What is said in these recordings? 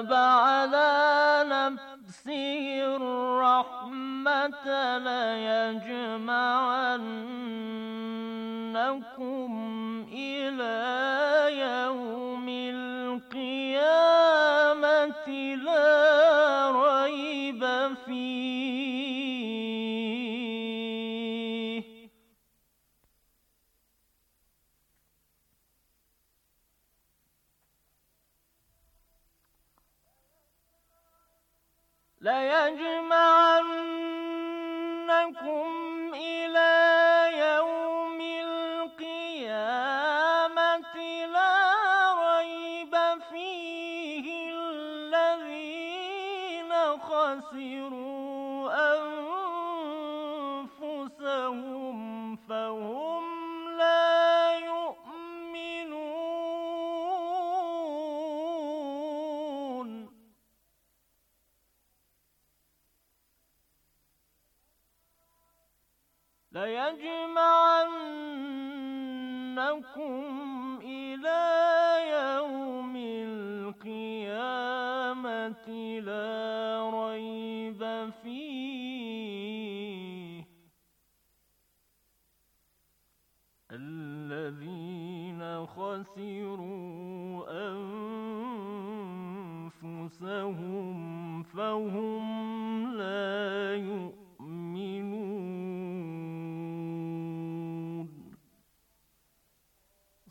كتب على نفسه الرحمة ليجمعن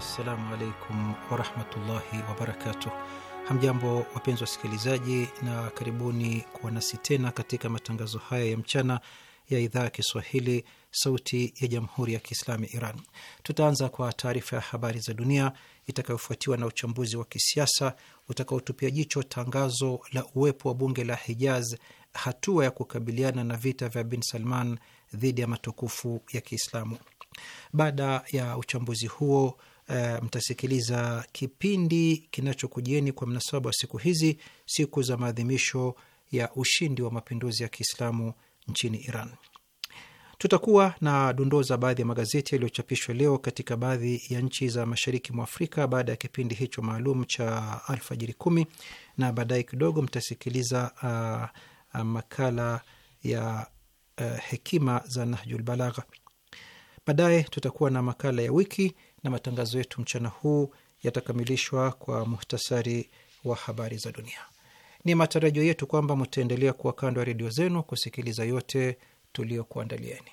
Assalamu alaikum warahmatullahi wabarakatuh. Hamjambo wapenzi wasikilizaji, na karibuni kuwa nasi tena katika matangazo haya ya mchana ya idhaa ya Kiswahili, Sauti ya Jamhuri ya Kiislamu ya Iran. Tutaanza kwa taarifa ya habari za dunia itakayofuatiwa na uchambuzi wa kisiasa utakaotupia jicho tangazo la uwepo wa bunge la Hijaz, hatua ya kukabiliana na vita vya bin Salman dhidi ya matukufu ya Kiislamu. Baada ya uchambuzi huo uh, mtasikiliza kipindi kinachokujieni kwa mnasaba wa siku hizi, siku za maadhimisho ya ushindi wa mapinduzi ya Kiislamu nchini Iran. Tutakuwa na dondoo za baadhi ya magazeti yaliyochapishwa leo katika baadhi ya nchi za mashariki mwa Afrika baada ya kipindi hicho maalum cha alfajiri kumi, na baadaye kidogo mtasikiliza uh, uh, makala ya uh, hekima za Nahjul Balagha. Baadaye tutakuwa na makala ya wiki na matangazo yetu mchana huu yatakamilishwa kwa muhtasari wa habari za dunia. Ni matarajio yetu kwamba mtaendelea kuwa kando ya redio zenu kusikiliza yote tuliyokuandalieni.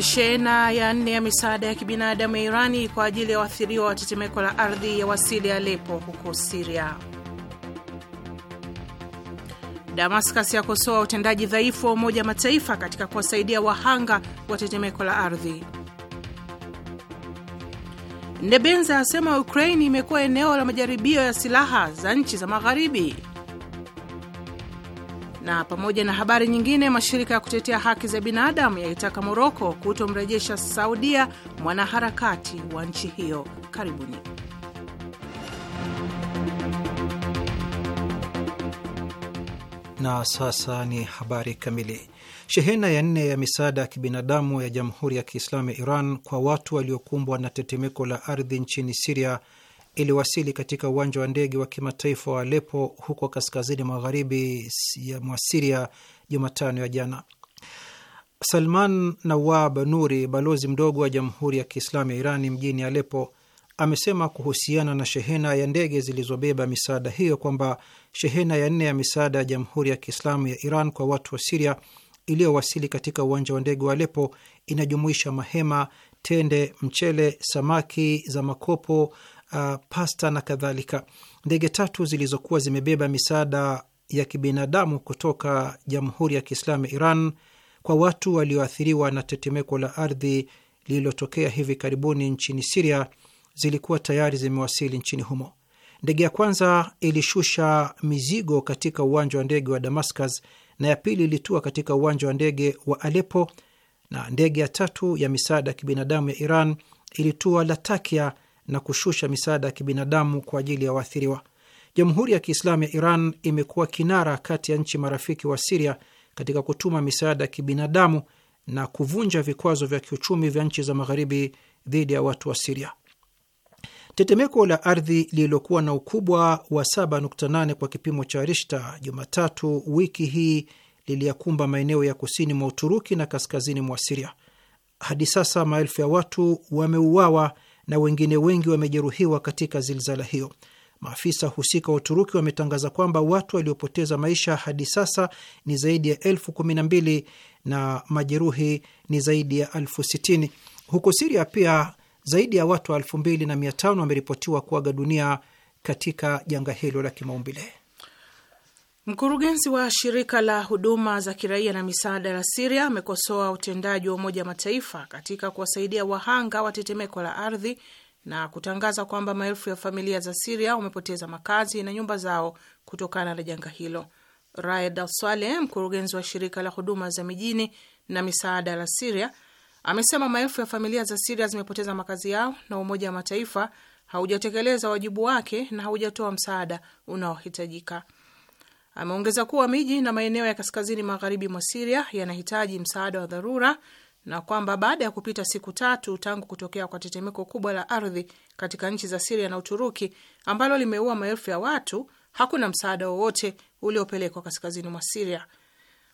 Shehena ya nne ya misaada ya kibinadamu ya Irani kwa ajili ya waathiriwa wa tetemeko la ardhi ya wasili Alepo huko Siria. Damascus yakosoa utendaji dhaifu wa Umoja Mataifa katika kuwasaidia wahanga wa tetemeko la ardhi. Nebenza asema Ukraini imekuwa eneo la majaribio ya silaha za nchi za Magharibi na pamoja na habari nyingine, mashirika ya kutetea haki za binadamu yaitaka Moroko kutomrejesha Saudia mwanaharakati wa nchi hiyo. Karibuni. Na sasa ni habari kamili. Shehena ya nne ya misaada ya kibinadamu ya Jamhuri ya Kiislamu ya Iran kwa watu waliokumbwa na tetemeko la ardhi nchini Siria iliwasili katika uwanja wa ndege wa kimataifa wa Alepo huko kaskazini magharibi mwa Siria Jumatano ya jana. Salman Nawab Nuri, balozi mdogo wa Jamhuri ya Kiislamu ya Irani mjini Alepo, amesema kuhusiana na shehena ya ndege zilizobeba misaada hiyo kwamba shehena ya nne ya misaada ya Jamhuri ya Kiislamu ya Iran kwa watu wa Siria iliyowasili katika uwanja wa ndege wa Alepo inajumuisha mahema, tende, mchele, samaki za makopo uh, pasta na kadhalika. Ndege tatu zilizokuwa zimebeba misaada ya kibinadamu kutoka Jamhuri ya Kiislamu ya Iran kwa watu walioathiriwa na tetemeko la ardhi lililotokea hivi karibuni nchini Siria zilikuwa tayari zimewasili nchini humo. Ndege ya kwanza ilishusha mizigo katika uwanja wa ndege wa Damascus na ya pili ilitua katika uwanja wa ndege wa alepo na ndege ya tatu ya misaada ya kibinadamu ya Iran ilitua Latakia na kushusha misaada ya kibinadamu kwa ajili ya waathiriwa. Jamhuri ya Kiislamu ya Iran imekuwa kinara kati ya nchi marafiki wa Siria katika kutuma misaada ya kibinadamu na kuvunja vikwazo vya kiuchumi vya nchi za magharibi dhidi ya watu wa Siria. Tetemeko la ardhi lililokuwa na ukubwa wa 7.8 kwa kipimo cha Rishta Jumatatu wiki hii liliyakumba maeneo ya kusini mwa Uturuki na kaskazini mwa Siria. Hadi sasa maelfu ya watu wameuawa na wengine wengi wamejeruhiwa katika zilzala hiyo. Maafisa husika wa Uturuki wametangaza kwamba watu waliopoteza maisha hadi sasa ni zaidi ya elfu kumi na mbili na majeruhi ni zaidi ya elfu sitini. Huko Siria pia zaidi ya watu elfu mbili na mia tano wameripotiwa kuaga dunia katika janga hilo la kimaumbile. Mkurugenzi wa shirika la huduma za kiraia na misaada la Siria amekosoa utendaji wa Umoja Mataifa katika kuwasaidia wahanga wa tetemeko la ardhi na kutangaza kwamba maelfu ya familia za Siria wamepoteza makazi na nyumba zao kutokana na janga hilo. Raed Al-Saleh, mkurugenzi wa shirika la huduma za mijini na misaada la Siria, amesema maelfu ya familia za Siria zimepoteza makazi yao na Umoja wa Mataifa haujatekeleza wajibu wake na haujatoa msaada unaohitajika. Ameongeza kuwa miji na maeneo ya kaskazini magharibi mwa Siria yanahitaji msaada wa dharura na kwamba baada ya kupita siku tatu tangu kutokea kwa tetemeko kubwa la ardhi katika nchi za Siria na Uturuki ambalo limeua maelfu ya watu, hakuna msaada wowote uliopelekwa kaskazini mwa Siria.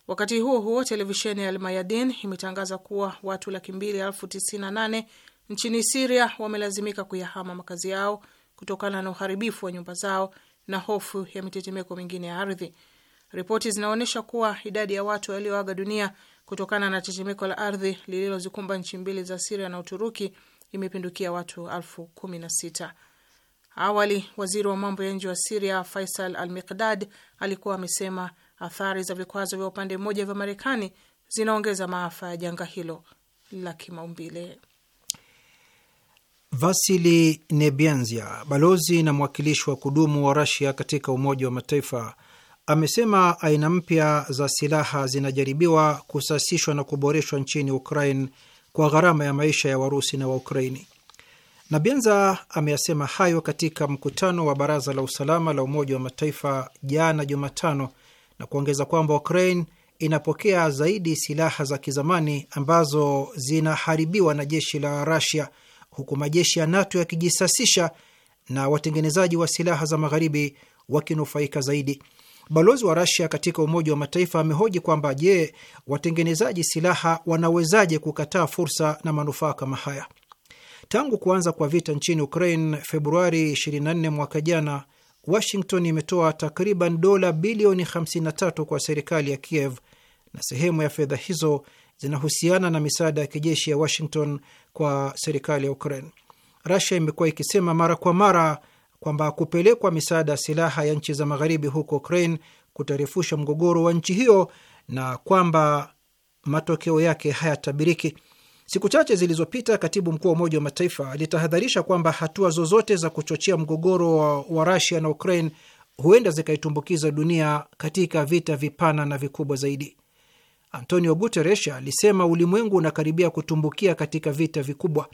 Wakati huo huo, televisheni ya Almayadin imetangaza kuwa watu laki mbili elfu tisini na nane nchini Siria wamelazimika kuyahama makazi yao kutokana na uharibifu wa nyumba zao na hofu ya mitetemeko mingine ya ardhi. Ripoti zinaonyesha kuwa idadi ya watu walioaga dunia kutokana na tetemeko la ardhi lililozikumba nchi mbili za Siria na Uturuki imepindukia watu elfu kumi na sita. Awali waziri wa mambo ya nje wa Siria Faisal Al Miqdad alikuwa amesema athari za vikwazo vya upande mmoja vya Marekani zinaongeza maafa ya janga hilo la kimaumbile. Vasili Nebianzia, balozi na mwakilishi wa kudumu wa Rasia katika Umoja wa Mataifa, amesema aina mpya za silaha zinajaribiwa kusasishwa na kuboreshwa nchini Ukraine kwa gharama ya maisha ya Warusi na Waukraini. Nabianza ameyasema hayo katika mkutano wa Baraza la Usalama la Umoja wa Mataifa jana Jumatano, na kuongeza kwamba Ukraine inapokea zaidi silaha za kizamani ambazo zinaharibiwa na jeshi la Rasia huku majeshi ya NATO yakijisasisha na watengenezaji wa silaha za magharibi wakinufaika zaidi. Balozi wa Rasia katika Umoja wa Mataifa amehoji kwamba je, watengenezaji silaha wanawezaje kukataa fursa na manufaa kama haya? Tangu kuanza kwa vita nchini Ukraine Februari 24 mwaka jana, Washington imetoa takriban dola bilioni 53 kwa serikali ya Kiev, na sehemu ya fedha hizo zinahusiana na misaada ya kijeshi ya Washington kwa serikali ya Ukraine. rasia imekuwa ikisema mara kwa mara kwamba kupelekwa misaada ya silaha ya nchi za magharibi huko Ukraine kutarefusha mgogoro wa nchi hiyo na kwamba matokeo yake hayatabiriki. Siku chache zilizopita, katibu mkuu wa Umoja wa Mataifa alitahadharisha kwamba hatua zozote za kuchochea mgogoro wa, wa Russia na Ukraine huenda zikaitumbukiza dunia katika vita vipana na vikubwa zaidi. Antonio Guterres alisema ulimwengu unakaribia kutumbukia katika vita vikubwa.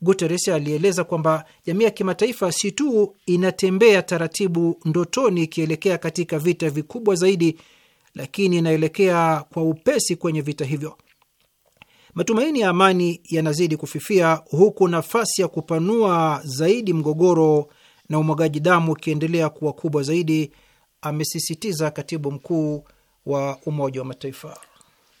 Guterres alieleza kwamba jamii ya kimataifa si tu inatembea taratibu ndotoni ikielekea katika vita vikubwa zaidi, lakini inaelekea kwa upesi kwenye vita hivyo. Matumaini ya amani yanazidi kufifia, huku nafasi ya kupanua zaidi mgogoro na umwagaji damu ukiendelea kuwa kubwa zaidi, amesisitiza katibu mkuu wa Umoja wa Mataifa.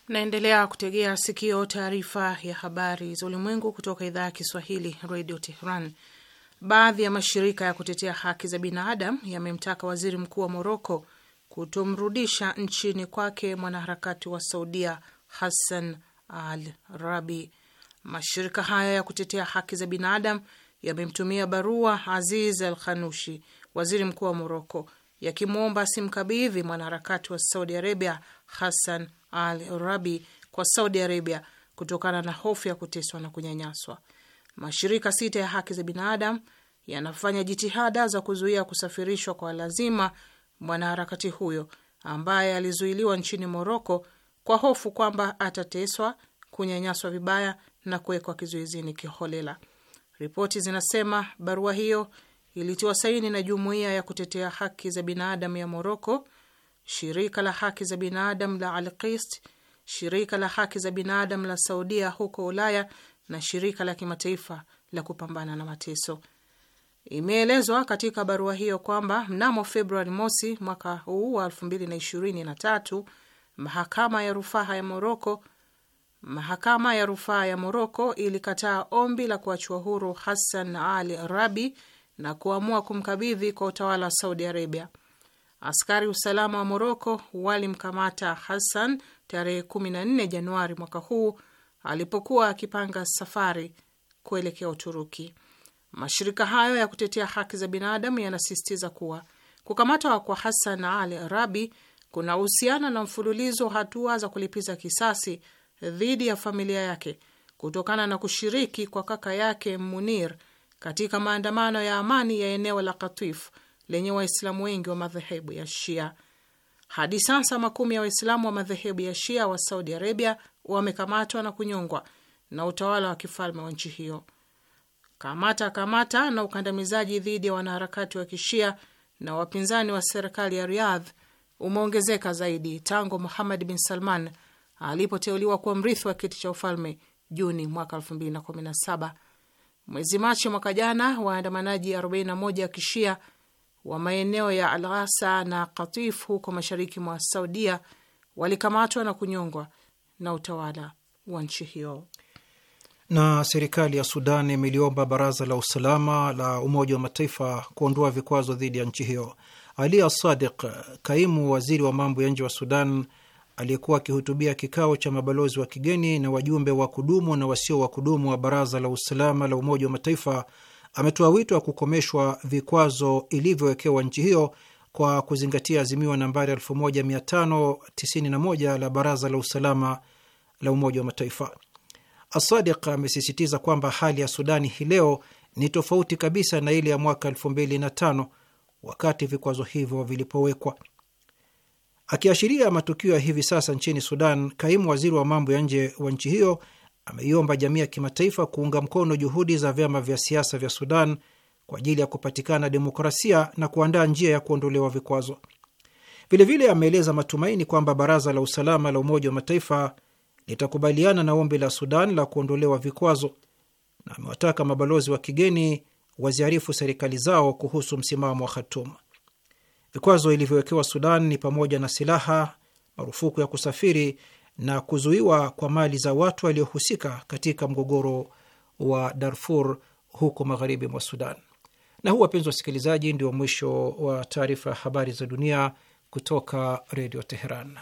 Naendelea kutegea sikio taarifa ya habari za ulimwengu kutoka idhaa ya Kiswahili Radio Tehran. Baadhi ya mashirika ya kutetea haki za binadamu yamemtaka waziri mkuu wa Moroko kutomrudisha nchini kwake mwanaharakati wa Saudia Hassan al Rabi. Mashirika haya ya kutetea haki za binadamu yamemtumia barua Aziz al Khanushi, waziri mkuu wa Moroko, yakimwomba simkabidhi mwanaharakati wa Saudi Arabia Hassan Al Rabi kwa Saudi Arabia kutokana na hofu ya kuteswa na kunyanyaswa. Mashirika sita ya haki za binadamu yanafanya jitihada za kuzuia kusafirishwa kwa lazima mwanaharakati huyo ambaye alizuiliwa nchini Moroko kwa hofu kwamba atateswa, kunyanyaswa vibaya na kuwekwa kizuizini kiholela. Ripoti zinasema barua hiyo ilitiwa saini na jumuiya ya kutetea haki za binadamu ya Moroko shirika la haki za binadam la Alqist, shirika la haki za binadam la Saudia huko Ulaya na shirika la kimataifa la kupambana na mateso. Imeelezwa katika barua hiyo kwamba mnamo Februari mosi mwaka huu wa tatu mahakama ya rufaa ya Moroko mahakama ya rufaa ya Moroko ilikataa ombi la kuachua huru Hassan Ali Rabi na kuamua kumkabidhi kwa utawala wa Saudi Arabia. Askari usalama wa Moroko walimkamata Hassan tarehe 14 Januari mwaka huu alipokuwa akipanga safari kuelekea Uturuki. Mashirika hayo ya kutetea haki za binadamu yanasisitiza kuwa kukamatwa kwa Hassan Al Rabi kuna uhusiana na mfululizo wa hatua za kulipiza kisasi dhidi ya familia yake kutokana na kushiriki kwa kaka yake Munir katika maandamano ya amani ya eneo la Katif lenye Waislamu wengi wa madhehebu ya Shia. Hadi sasa makumi ya Waislamu wa madhehebu ya Shia wa Saudi Arabia wamekamatwa na kunyongwa na utawala wa kifalme wa nchi hiyo. Kamata kamata na ukandamizaji dhidi ya wanaharakati wa kishia na wapinzani wa serikali ya Riyadh umeongezeka zaidi tangu Muhammad bin Salman alipoteuliwa kuwa mrithi wa kiti cha ufalme Juni mwaka 2017. Mwezi Machi mwaka jana, waandamanaji 41 ya kishia wa maeneo ya Al na Katif huko mashariki mwa Saudia walikamatwa na kunyongwa na utawala wa nchi hiyo. Na serikali ya Sudan imeliomba baraza la usalama la Umoja wa Mataifa kuondoa vikwazo dhidi ya nchi hiyo. Ali Asadiq, kaimu waziri wa mambo ya nje wa Sudan, aliyekuwa akihutubia kikao cha mabalozi wa kigeni na wajumbe wa kudumu na wasio wa kudumu wa baraza la usalama la Umoja wa Mataifa ametoa wito wa kukomeshwa vikwazo ilivyowekewa nchi hiyo kwa kuzingatia azimio nambari 1591 la Baraza la Usalama la Umoja wa Mataifa. Asadiq amesisitiza kwamba hali ya Sudani hii leo ni tofauti kabisa na ile ya mwaka 2005 wakati vikwazo hivyo vilipowekwa. Akiashiria matukio ya hivi sasa nchini Sudan, kaimu waziri wa mambo ya nje wa nchi hiyo ameiomba jamii ya kimataifa kuunga mkono juhudi za vyama vya siasa vya Sudan kwa ajili ya kupatikana demokrasia na kuandaa njia ya kuondolewa vikwazo. Vilevile ameeleza matumaini kwamba baraza la usalama la Umoja wa Mataifa litakubaliana na ombi la Sudan la kuondolewa vikwazo, na amewataka mabalozi wa kigeni waziarifu serikali zao kuhusu msimamo wa Khartoum. Vikwazo ilivyowekewa Sudan ni pamoja na silaha, marufuku ya kusafiri na kuzuiwa kwa mali za watu waliohusika katika mgogoro wa Darfur huko magharibi mwa Sudan. Na huu, wapenzi wasikilizaji, ndio mwisho wa taarifa ya habari za dunia kutoka Redio Teheran.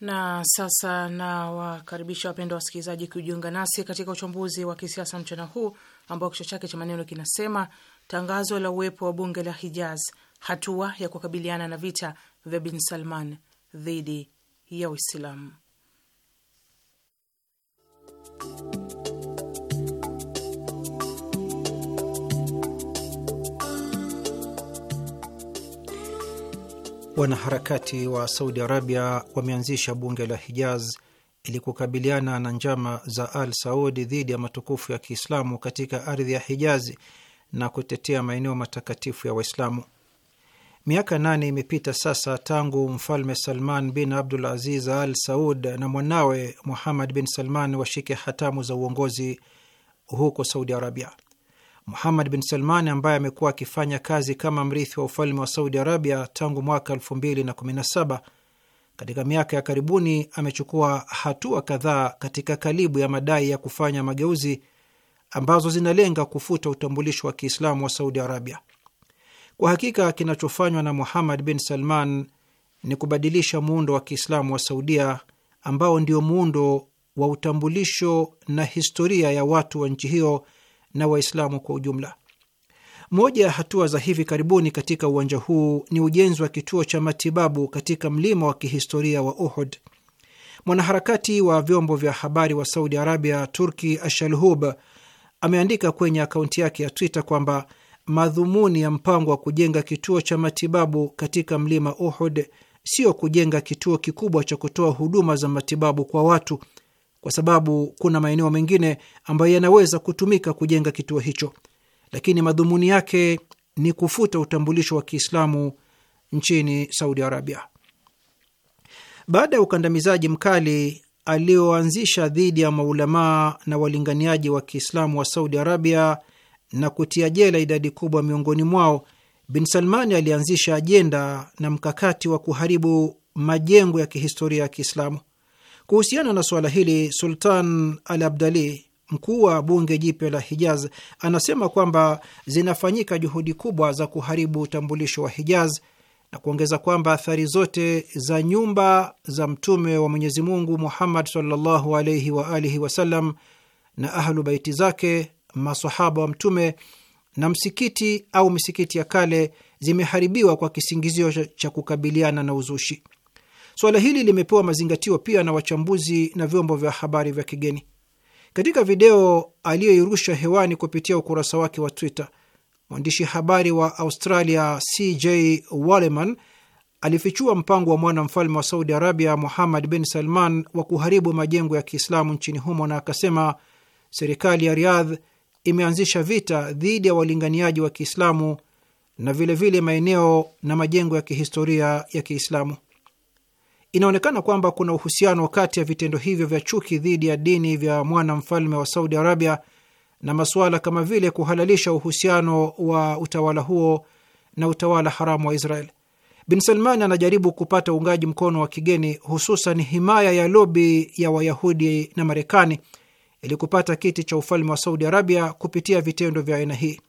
Na sasa na wakaribisha wapendwa wasikilizaji kujiunga nasi katika uchambuzi wa kisiasa mchana huu ambao kichwa chake cha maneno kinasema tangazo la uwepo wa bunge la Hijaz, hatua ya kukabiliana na vita vya bin Salman dhidi ya Uislamu. Wanaharakati wa Saudi Arabia wameanzisha bunge la Hijaz ili kukabiliana na njama za Al Saudi dhidi ya matukufu ya Kiislamu katika ardhi ya Hijazi na kutetea maeneo matakatifu ya Waislamu. Miaka nane imepita sasa tangu Mfalme Salman bin Abdul Aziz Al Saud na mwanawe Muhammad bin Salman washike hatamu za uongozi huko Saudi Arabia. Muhammad bin Salman ambaye amekuwa akifanya kazi kama mrithi wa ufalme wa Saudi Arabia tangu mwaka 2017 katika miaka ya karibuni amechukua hatua kadhaa katika kalibu ya madai ya kufanya mageuzi ambazo zinalenga kufuta utambulisho wa Kiislamu wa Saudi Arabia. Kwa hakika kinachofanywa na Muhammad bin Salman ni kubadilisha muundo wa Kiislamu wa Saudia ambao ndio muundo wa utambulisho na historia ya watu wa nchi hiyo na Waislamu kwa ujumla. Moja ya hatua za hivi karibuni katika uwanja huu ni ujenzi wa kituo cha matibabu katika mlima wa kihistoria wa Uhud. Mwanaharakati wa vyombo vya habari wa Saudi Arabia, Turki Ashalhub, ameandika kwenye akaunti yake ya Twitter kwamba madhumuni ya mpango wa kujenga kituo cha matibabu katika mlima Uhud sio kujenga kituo kikubwa cha kutoa huduma za matibabu kwa watu, kwa sababu kuna maeneo mengine ambayo yanaweza kutumika kujenga kituo hicho, lakini madhumuni yake ni kufuta utambulisho wa Kiislamu nchini Saudi Arabia. Baada ya ukandamizaji mkali alioanzisha dhidi ya maulamaa na walinganiaji wa Kiislamu wa Saudi Arabia na kutia jela idadi kubwa miongoni mwao, Bin Salmani alianzisha ajenda na mkakati wa kuharibu majengo ya kihistoria ya Kiislamu. Kuhusiana na suala hili, Sultan Al Abdali, mkuu wa bunge jipya la Hijaz, anasema kwamba zinafanyika juhudi kubwa za kuharibu utambulisho wa Hijaz na kuongeza kwamba athari zote za nyumba za Mtume wa Mwenyezi Mungu Muhammad sallallahu alaihi wa alihi wasallam na Ahlu Baiti zake, masahaba wa Mtume na msikiti au misikiti ya kale zimeharibiwa kwa kisingizio cha kukabiliana na uzushi. Suala hili limepewa mazingatio pia na wachambuzi na vyombo vya habari vya kigeni. Katika video aliyoirusha hewani kupitia ukurasa wake wa Twitter, mwandishi habari wa Australia CJ Waleman alifichua mpango wa mwana mfalme wa Saudi Arabia Muhammad bin Salman wa kuharibu majengo ya Kiislamu nchini humo, na akasema serikali ya Riyadh imeanzisha vita dhidi ya walinganiaji wa Kiislamu na vilevile maeneo na majengo ya kihistoria ya Kiislamu. Inaonekana kwamba kuna uhusiano kati ya vitendo hivyo vya chuki dhidi ya dini vya mwana mfalme wa Saudi Arabia na masuala kama vile kuhalalisha uhusiano wa utawala huo na utawala haramu wa Israel. Bin Salman anajaribu kupata uungaji mkono wa kigeni, hususan himaya ya lobi ya Wayahudi na Marekani ili kupata kiti cha ufalme wa Saudi Arabia kupitia vitendo vya aina hii.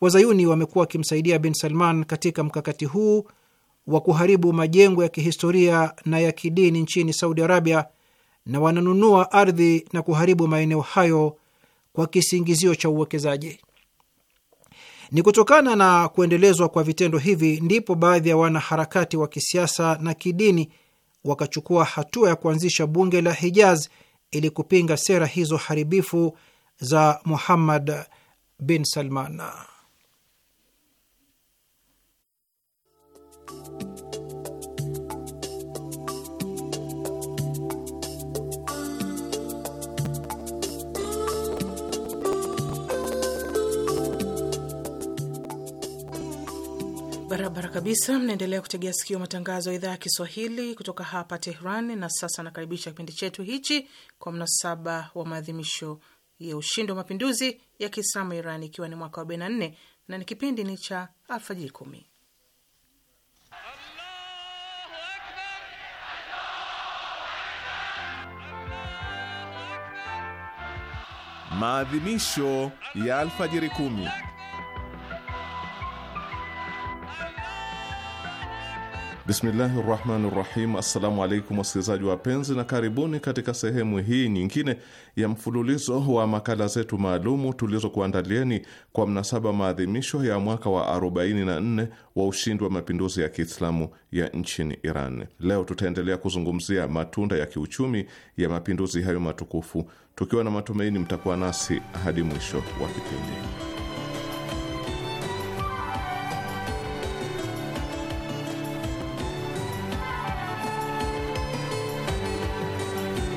Wazayuni wamekuwa wakimsaidia Bin Salman katika mkakati huu wa kuharibu majengo ya kihistoria na ya kidini nchini Saudi Arabia na wananunua ardhi na kuharibu maeneo hayo kwa kisingizio cha uwekezaji. Ni kutokana na kuendelezwa kwa vitendo hivi ndipo baadhi ya wanaharakati wa kisiasa na kidini wakachukua hatua ya kuanzisha bunge la Hijaz ili kupinga sera hizo haribifu za Muhammad bin Salman. Barabara kabisa, mnaendelea kutegea sikio matangazo ya idhaa ya Kiswahili kutoka hapa Tehran. Na sasa nakaribisha kipindi chetu hichi kwa mnasaba wa maadhimisho ya ushindi wa mapinduzi ya Kiislamu Iran, ikiwa ni mwaka wa 44 na ni kipindi ni cha alfajiri kumi Maadhimisho ya alfajiri kumi. Bismillahi rahmani rahim. Assalamu alaikum wasikilizaji wapenzi, na karibuni katika sehemu hii nyingine ya mfululizo wa makala zetu maalumu tulizokuandalieni kwa mnasaba maadhimisho ya mwaka wa 44 wa ushindi wa mapinduzi ya Kiislamu ya nchini Iran. Leo tutaendelea kuzungumzia matunda ya kiuchumi ya mapinduzi hayo matukufu, tukiwa na matumaini mtakuwa nasi hadi mwisho wa kipindi.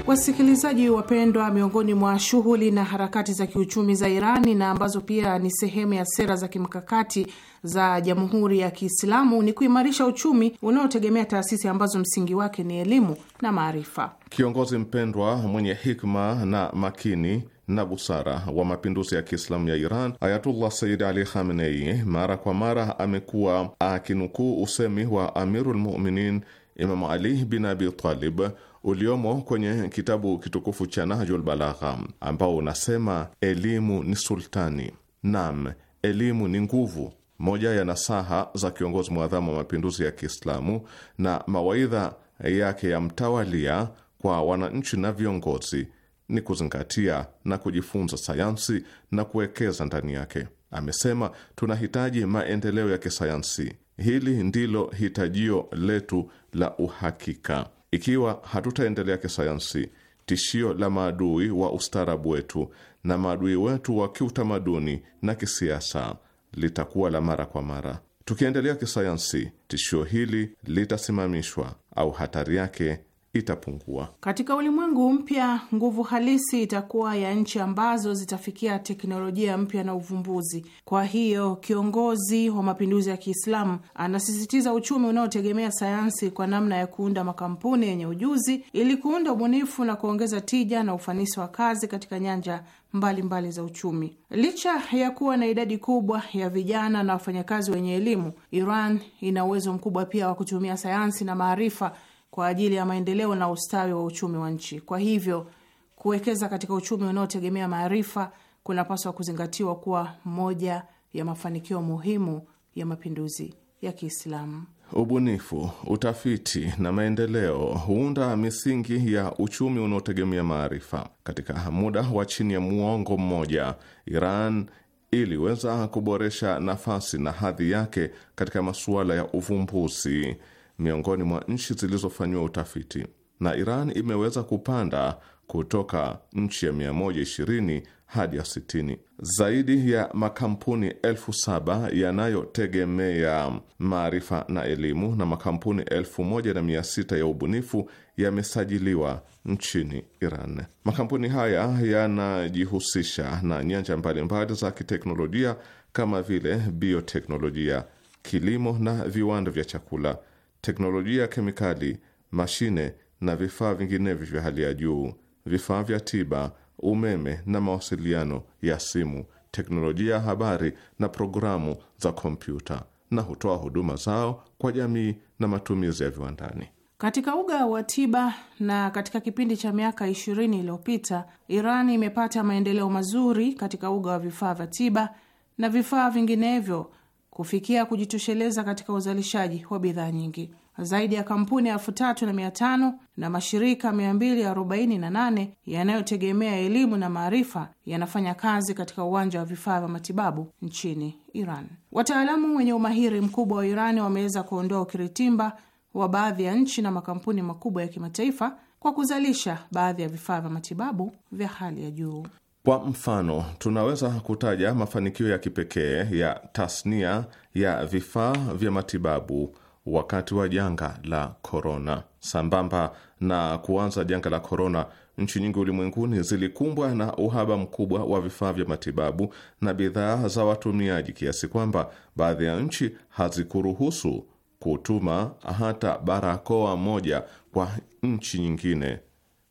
Wasikilizaji wapendwa, miongoni mwa shughuli na harakati za kiuchumi za Irani na ambazo pia ni sehemu ya sera za kimkakati za Jamhuri ya Kiislamu ni kuimarisha uchumi unaotegemea taasisi ambazo msingi wake ni elimu na maarifa. Kiongozi mpendwa mwenye hikma na makini na busara wa mapinduzi ya Kiislamu ya Iran Ayatullah Sayyid Ali Khamenei mara kwa mara amekuwa akinukuu usemi wa Amirul Muminin Imamu Ali bin Abi Talib uliomo kwenye kitabu kitukufu cha Nahjul Balagha ambao unasema elimu ni sultani. Naam, elimu ni nguvu. Moja ya nasaha za kiongozi mwadhamu wa mapinduzi ya Kiislamu na mawaidha yake ya mtawalia kwa wananchi na viongozi ni kuzingatia na kujifunza sayansi na kuwekeza ndani yake. Amesema tunahitaji maendeleo ya kisayansi. Hili ndilo hitajio letu la uhakika. Ikiwa hatutaendelea kisayansi, tishio la maadui wa ustaarabu wetu na maadui wetu wa kiutamaduni na kisiasa litakuwa la mara kwa mara. Tukiendelea kisayansi, tishio hili litasimamishwa au hatari yake itapungua. Katika ulimwengu mpya, nguvu halisi itakuwa ya nchi ambazo zitafikia teknolojia mpya na uvumbuzi. Kwa hiyo, kiongozi wa mapinduzi ya Kiislamu anasisitiza uchumi unaotegemea sayansi kwa namna ya kuunda makampuni yenye ujuzi ili kuunda ubunifu na kuongeza tija na ufanisi wa kazi katika nyanja mbalimbali mbali za uchumi. Licha ya kuwa na idadi kubwa ya vijana na wafanyakazi wenye elimu, Iran ina uwezo mkubwa pia wa kutumia sayansi na maarifa kwa ajili ya maendeleo na ustawi wa uchumi wa nchi. Kwa hivyo kuwekeza katika uchumi unaotegemea maarifa kunapaswa kuzingatiwa kuwa moja ya mafanikio muhimu ya mapinduzi ya Kiislamu. Ubunifu, utafiti na maendeleo huunda misingi ya uchumi unaotegemea maarifa. Katika muda wa chini ya muongo mmoja, Iran iliweza kuboresha nafasi na hadhi yake katika masuala ya uvumbuzi miongoni mwa nchi zilizofanyiwa utafiti na Iran imeweza kupanda kutoka nchi ya 120 hadi ya 60. Zaidi ya makampuni elfu saba yanayotegemea maarifa na elimu na makampuni elfu moja na mia sita ya ubunifu yamesajiliwa nchini Iran. Makampuni haya yanajihusisha na nyanja mbalimbali za kiteknolojia kama vile bioteknolojia, kilimo na viwanda vya chakula teknolojia ya kemikali, mashine na vifaa vinginevyo vya hali ya juu, vifaa vya tiba, umeme na mawasiliano ya simu, teknolojia ya habari na programu za kompyuta, na hutoa huduma zao kwa jamii na matumizi ya viwandani. Katika uga wa tiba na katika kipindi cha miaka ishirini iliyopita, Iran imepata maendeleo mazuri katika uga wa vifaa vya tiba na vifaa vinginevyo kufikia kujitosheleza katika uzalishaji wa bidhaa nyingi. Zaidi ya kampuni elfu tatu na mia tano na mashirika 248 yanayotegemea elimu na maarifa yanafanya kazi katika uwanja wa vifaa vya matibabu nchini Iran. Wataalamu wenye umahiri mkubwa wa Irani wameweza kuondoa ukiritimba wa baadhi ya nchi na makampuni makubwa ya kimataifa kwa kuzalisha baadhi ya vifaa vya matibabu vya hali ya juu. Kwa mfano, tunaweza kutaja mafanikio ya kipekee ya tasnia ya vifaa vya matibabu wakati wa janga la korona. Sambamba na kuanza janga la korona, nchi nyingi ulimwenguni zilikumbwa na uhaba mkubwa wa vifaa vya matibabu na bidhaa za watumiaji, kiasi kwamba baadhi ya nchi hazikuruhusu kutuma hata barakoa moja kwa nchi nyingine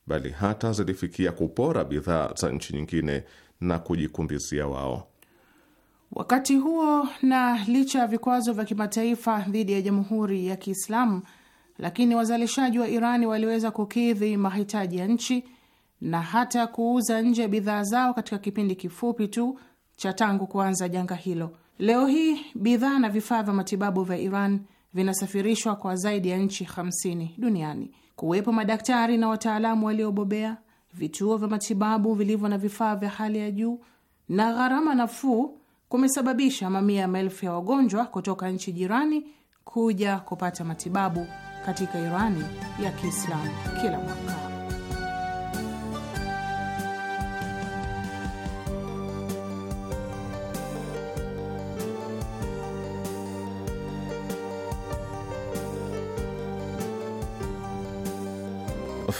bali hata zilifikia kupora bidhaa za nchi nyingine na kujikumbizia wao. Wakati huo na licha ya vikwazo vya kimataifa dhidi ya Jamhuri ya Kiislamu, lakini wazalishaji wa Irani waliweza kukidhi mahitaji ya nchi na hata kuuza nje bidhaa zao katika kipindi kifupi tu cha tangu kuanza janga hilo. Leo hii bidhaa na vifaa vya matibabu vya Iran vinasafirishwa kwa zaidi ya nchi 50 duniani kuwepo madaktari na wataalamu waliobobea, vituo vya matibabu vilivyo na vifaa vya hali ya juu na gharama nafuu kumesababisha mamia ya maelfu ya wagonjwa kutoka nchi jirani kuja kupata matibabu katika Irani ya Kiislamu kila mwaka.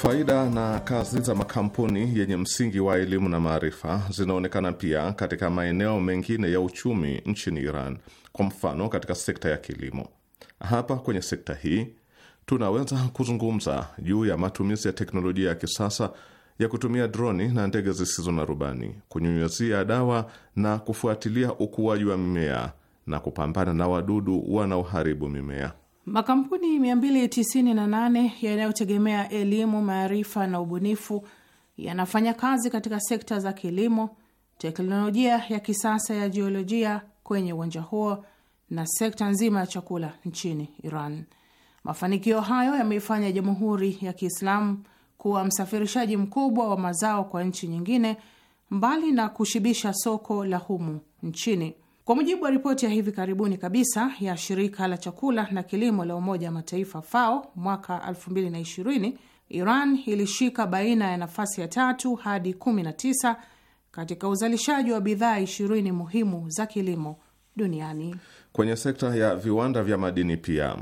Faida na kazi za makampuni yenye msingi wa elimu na maarifa zinaonekana pia katika maeneo mengine ya uchumi nchini Iran, kwa mfano katika sekta ya kilimo. Hapa kwenye sekta hii tunaweza kuzungumza juu ya matumizi ya teknolojia ya kisasa ya kutumia droni na ndege zisizo na rubani kunyunyuzia dawa na kufuatilia ukuaji wa mimea na kupambana na wadudu wanaoharibu mimea. Makampuni 298 yanayotegemea elimu, maarifa na ubunifu yanafanya kazi katika sekta za kilimo, teknolojia ya kisasa ya jiolojia kwenye uwanja huo na sekta nzima ya chakula nchini Iran. Mafanikio hayo yameifanya Jamhuri ya Kiislamu kuwa msafirishaji mkubwa wa mazao kwa nchi nyingine, mbali na kushibisha soko la humu nchini. Kwa mujibu wa ripoti ya hivi karibuni kabisa ya shirika la chakula na kilimo la Umoja wa Mataifa FAO mwaka 2020, Iran ilishika baina ya nafasi ya tatu hadi 19 katika uzalishaji wa bidhaa 20 muhimu za kilimo duniani. Kwenye sekta ya viwanda vya madini pia,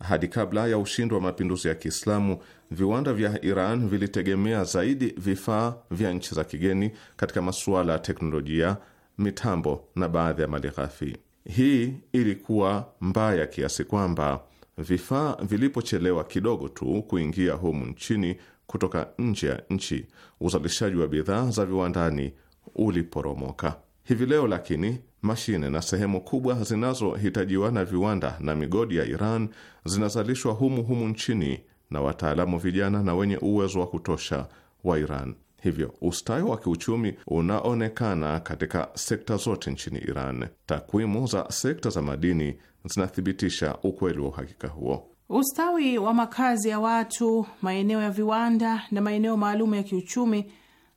hadi kabla ya ushindi wa mapinduzi ya Kiislamu, viwanda vya Iran vilitegemea zaidi vifaa vya nchi za kigeni katika masuala ya teknolojia mitambo na baadhi ya malighafi. Hii ilikuwa mbaya kiasi kwamba vifaa vilipochelewa kidogo tu kuingia humu nchini kutoka nje ya nchi, uzalishaji wa bidhaa za viwandani uliporomoka. Hivi leo lakini mashine na sehemu kubwa zinazohitajiwa na viwanda na migodi ya Iran zinazalishwa humu humu nchini na wataalamu vijana na wenye uwezo wa kutosha wa Iran. Hivyo ustawi wa kiuchumi unaonekana katika sekta zote nchini Iran. Takwimu za sekta za madini zinathibitisha ukweli wa uhakika huo. Ustawi wa makazi ya watu, maeneo ya viwanda na maeneo maalum ya kiuchumi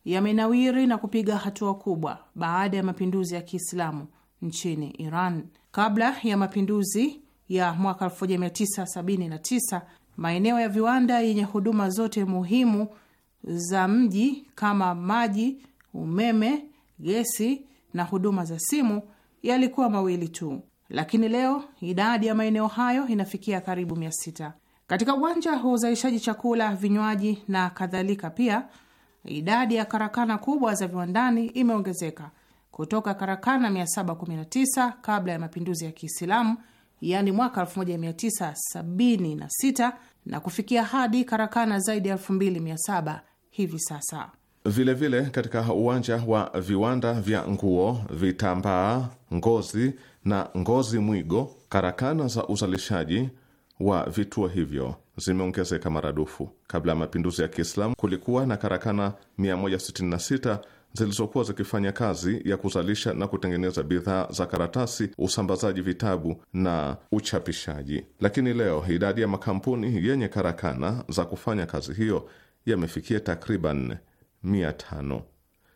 yamenawiri na kupiga hatua kubwa baada ya mapinduzi ya Kiislamu nchini Iran. Kabla ya mapinduzi ya mwaka 1979 maeneo ya viwanda yenye huduma zote muhimu za mji kama maji, umeme, gesi na huduma za simu yalikuwa mawili tu, lakini leo idadi ya maeneo hayo inafikia karibu mia sita. Katika uwanja wa uzalishaji chakula, vinywaji na kadhalika, pia idadi ya karakana kubwa za viwandani imeongezeka kutoka karakana 719 kabla ya mapinduzi ya Kiislamu, yaani mwaka 1976 na kufikia hadi karakana zaidi ya 2700 hivi sasa. Vilevile vile, katika uwanja wa viwanda vya nguo, vitambaa, ngozi na ngozi mwigo, karakana za uzalishaji wa vituo hivyo zimeongezeka maradufu. Kabla ya mapinduzi ya Kiislamu kulikuwa na karakana 166 zilizokuwa zikifanya kazi ya kuzalisha na kutengeneza bidhaa za karatasi, usambazaji vitabu na uchapishaji, lakini leo idadi ya makampuni yenye karakana za kufanya kazi hiyo yamefikia takriban mia tano.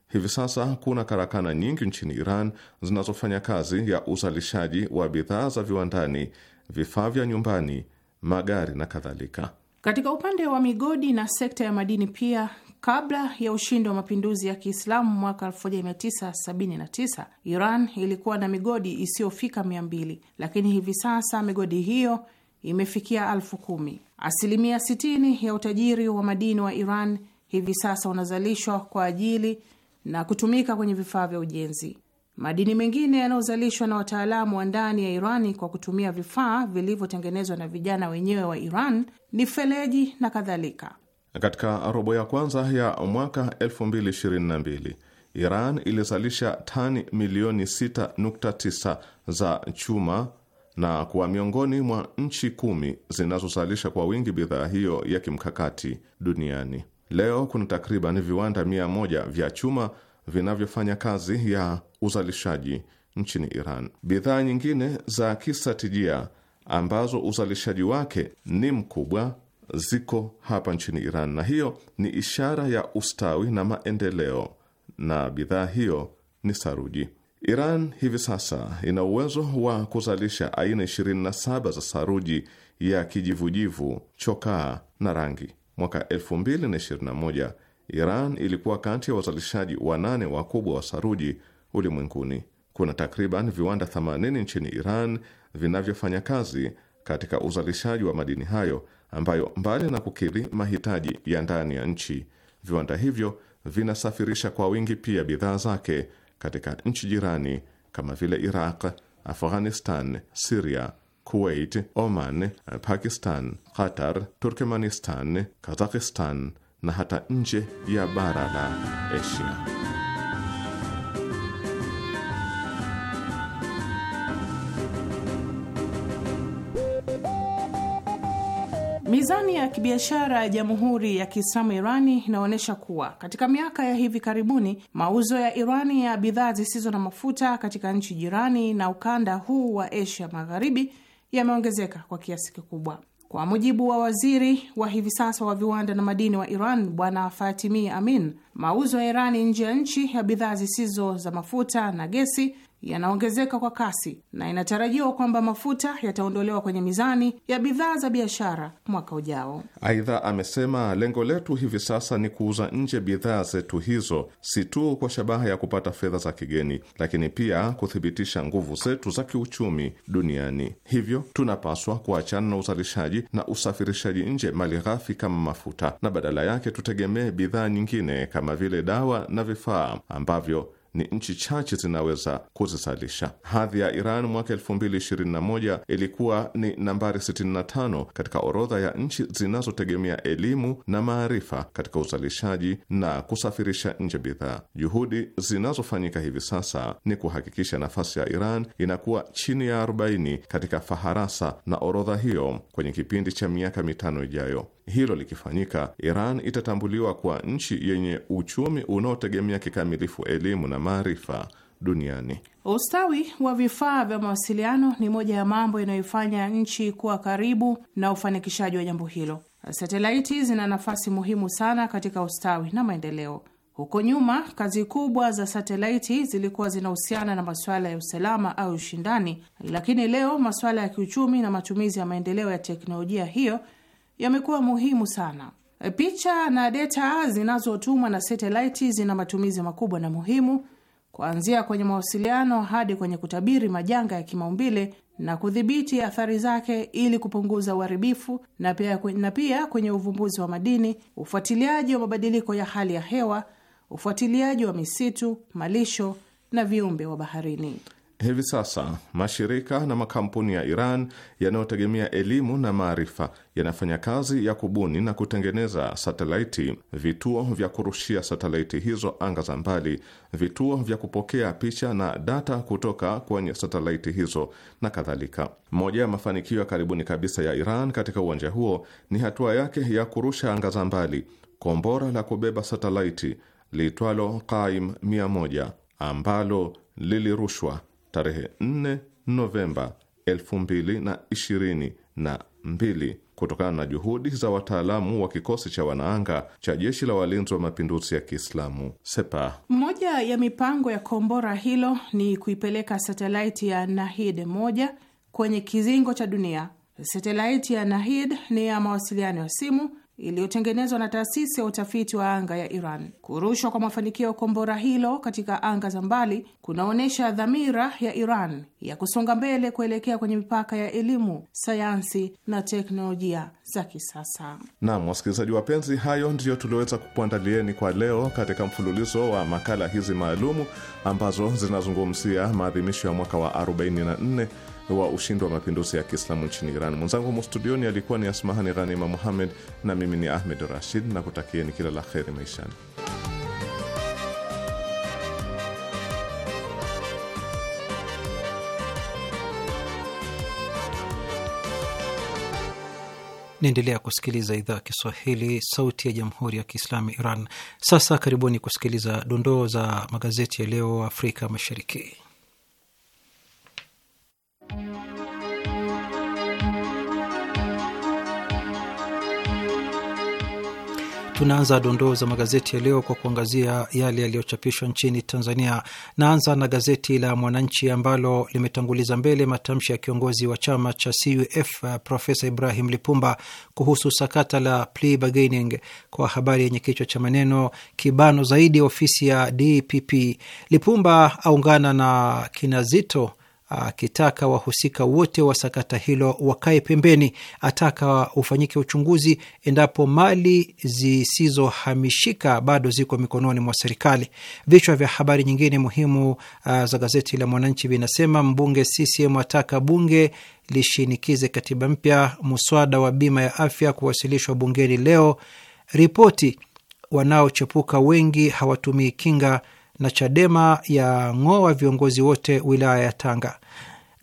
Hivi sasa kuna karakana nyingi nchini Iran zinazofanya kazi ya uzalishaji wa bidhaa za viwandani, vifaa vya nyumbani, magari na kadhalika. Katika upande wa migodi na sekta ya madini pia, kabla ya ushindi wa mapinduzi ya Kiislamu mwaka 1979 Iran ilikuwa na migodi isiyofika 200 lakini hivi sasa migodi hiyo imefikia alfu kumi. Asilimia 60 ya utajiri wa madini wa Iran hivi sasa unazalishwa kwa ajili na kutumika kwenye vifaa vya ujenzi. Madini mengine yanayozalishwa na wataalamu wa ndani ya Irani kwa kutumia vifaa vilivyotengenezwa na vijana wenyewe wa Iran ni feleji na kadhalika. Katika robo ya kwanza ya mwaka 2022 Iran ilizalisha tani milioni 6.9 za chuma na kuwa miongoni mwa nchi kumi zinazozalisha kwa wingi bidhaa hiyo ya kimkakati duniani. Leo kuna takriban viwanda mia moja vya chuma vinavyofanya kazi ya uzalishaji nchini Iran. Bidhaa nyingine za kistratijia ambazo uzalishaji wake ni mkubwa ziko hapa nchini Iran, na hiyo ni ishara ya ustawi na maendeleo, na bidhaa hiyo ni saruji. Iran hivi sasa ina uwezo wa kuzalisha aina 27 za saruji ya kijivujivu, chokaa na rangi. Mwaka 2021 Iran ilikuwa kati ya wazalishaji wanane wakubwa wa saruji ulimwenguni. Kuna takriban viwanda 80 nchini Iran vinavyofanya kazi katika uzalishaji wa madini hayo ambayo mbali na kukidhi mahitaji ya ndani ya nchi, viwanda hivyo vinasafirisha kwa wingi pia bidhaa zake katika nchi jirani kama vile Iraq, Afghanistan, Siria, Kuwait, Oman, Pakistan, Qatar, Turkmenistan, kazakhistan na hata nje ya bara la Asia. Mizani ya kibiashara ya Jamhuri ya Kiislamu Irani inaonyesha kuwa katika miaka ya hivi karibuni mauzo ya Irani ya bidhaa zisizo na mafuta katika nchi jirani na ukanda huu wa Asia Magharibi yameongezeka kwa kiasi kikubwa. Kwa mujibu wa waziri wa hivi sasa wa viwanda na madini wa Iran Bwana Fatimi Amin, mauzo ya Irani nje ya nchi ya bidhaa zisizo za mafuta na gesi yanaongezeka kwa kasi na inatarajiwa kwamba mafuta yataondolewa kwenye mizani ya bidhaa za biashara mwaka ujao. Aidha, amesema lengo letu hivi sasa ni kuuza nje bidhaa zetu hizo, si tu kwa shabaha ya kupata fedha za kigeni, lakini pia kuthibitisha nguvu zetu za kiuchumi duniani. Hivyo tunapaswa kuachana na uzalishaji na usafirishaji nje mali ghafi kama mafuta, na badala yake tutegemee bidhaa nyingine kama vile dawa na vifaa ambavyo ni nchi chache zinaweza kuzizalisha. Hadhi ya Iran mwaka 2021 ilikuwa ni nambari 65 katika orodha ya nchi zinazotegemea elimu na maarifa katika uzalishaji na kusafirisha nje bidhaa. Juhudi zinazofanyika hivi sasa ni kuhakikisha nafasi ya Iran inakuwa chini ya 40 katika faharasa na orodha hiyo kwenye kipindi cha miaka mitano ijayo hilo likifanyika, Iran itatambuliwa kwa nchi yenye uchumi unaotegemea kikamilifu elimu na maarifa duniani. Ustawi wa vifaa vya mawasiliano ni moja ya mambo inayoifanya nchi kuwa karibu na ufanikishaji wa jambo hilo. Satelaiti zina nafasi muhimu sana katika ustawi na maendeleo. Huko nyuma, kazi kubwa za satelaiti zilikuwa zinahusiana na masuala ya usalama au ushindani, lakini leo masuala ya kiuchumi na matumizi ya maendeleo ya teknolojia hiyo yamekuwa muhimu sana. E, picha na data zinazotumwa na satelaiti zina matumizi makubwa na muhimu, kuanzia kwenye mawasiliano hadi kwenye kutabiri majanga ya kimaumbile na kudhibiti athari zake ili kupunguza uharibifu, na pia, na pia kwenye uvumbuzi wa madini, ufuatiliaji wa mabadiliko ya hali ya hewa, ufuatiliaji wa misitu, malisho na viumbe wa baharini. Hivi sasa mashirika na makampuni ya Iran yanayotegemea elimu na maarifa yanafanya kazi ya kubuni na kutengeneza satelaiti, vituo vya kurushia satelaiti hizo anga za mbali, vituo vya kupokea picha na data kutoka kwenye satelaiti hizo na kadhalika. Moja ya mafanikio ya karibuni kabisa ya Iran katika uwanja huo ni hatua yake ya kurusha anga za mbali kombora la kubeba satelaiti liitwalo Qaim 100 ambalo lilirushwa tarehe 4 Novemba 2022 na kutokana na juhudi za wataalamu wa kikosi cha wanaanga cha jeshi la walinzi wa mapinduzi ya Kiislamu Sepa. Moja ya mipango ya kombora hilo ni kuipeleka satelaiti ya Nahid moja kwenye kizingo cha dunia. Satelaiti ya Nahid ni ya mawasiliano ya simu iliyotengenezwa na taasisi ya utafiti wa anga ya Iran. Kurushwa kwa mafanikio ya kombora hilo katika anga za mbali kunaonyesha dhamira ya Iran ya kusonga mbele kuelekea kwenye mipaka ya elimu, sayansi na teknolojia za kisasa. Naam, wasikilizaji wapenzi, hayo ndiyo tulioweza kukuandalieni kwa leo katika mfululizo wa makala hizi maalumu ambazo zinazungumzia maadhimisho ya mwaka wa 44 wa ushindi wa mapinduzi ya Kiislamu nchini Iran. Mwenzangu studioni alikuwa ni Asmahani Ghanima Muhammed na mimi ni Ahmed Rashid na kutakieni kila la kheri maishani. Naendelea kusikiliza idhaa ya Kiswahili, sauti ya jamhuri ya kiislamu Iran. Sasa karibuni kusikiliza dondoo za magazeti ya leo Afrika Mashariki. Tunaanza dondoo za magazeti ya leo kwa kuangazia yale yaliyochapishwa nchini Tanzania. Naanza na gazeti la Mwananchi ambalo limetanguliza mbele matamshi ya kiongozi wa chama cha CUF uh, Profesa Ibrahim Lipumba kuhusu sakata la plea bargaining, kwa habari yenye kichwa cha maneno kibano zaidi ofisi ya DPP. Lipumba aungana na Kinazito akitaka wahusika wote wa sakata hilo wakae pembeni. Ataka ufanyike uchunguzi endapo mali zisizohamishika bado ziko mikononi mwa serikali. Vichwa vya habari nyingine muhimu uh, za gazeti la Mwananchi vinasema mbunge CCM ataka bunge lishinikize katiba mpya, mswada wa bima ya afya kuwasilishwa bungeni leo, ripoti wanaochepuka wengi hawatumii kinga na Chadema ya ng'oa viongozi wote wilaya ya Tanga.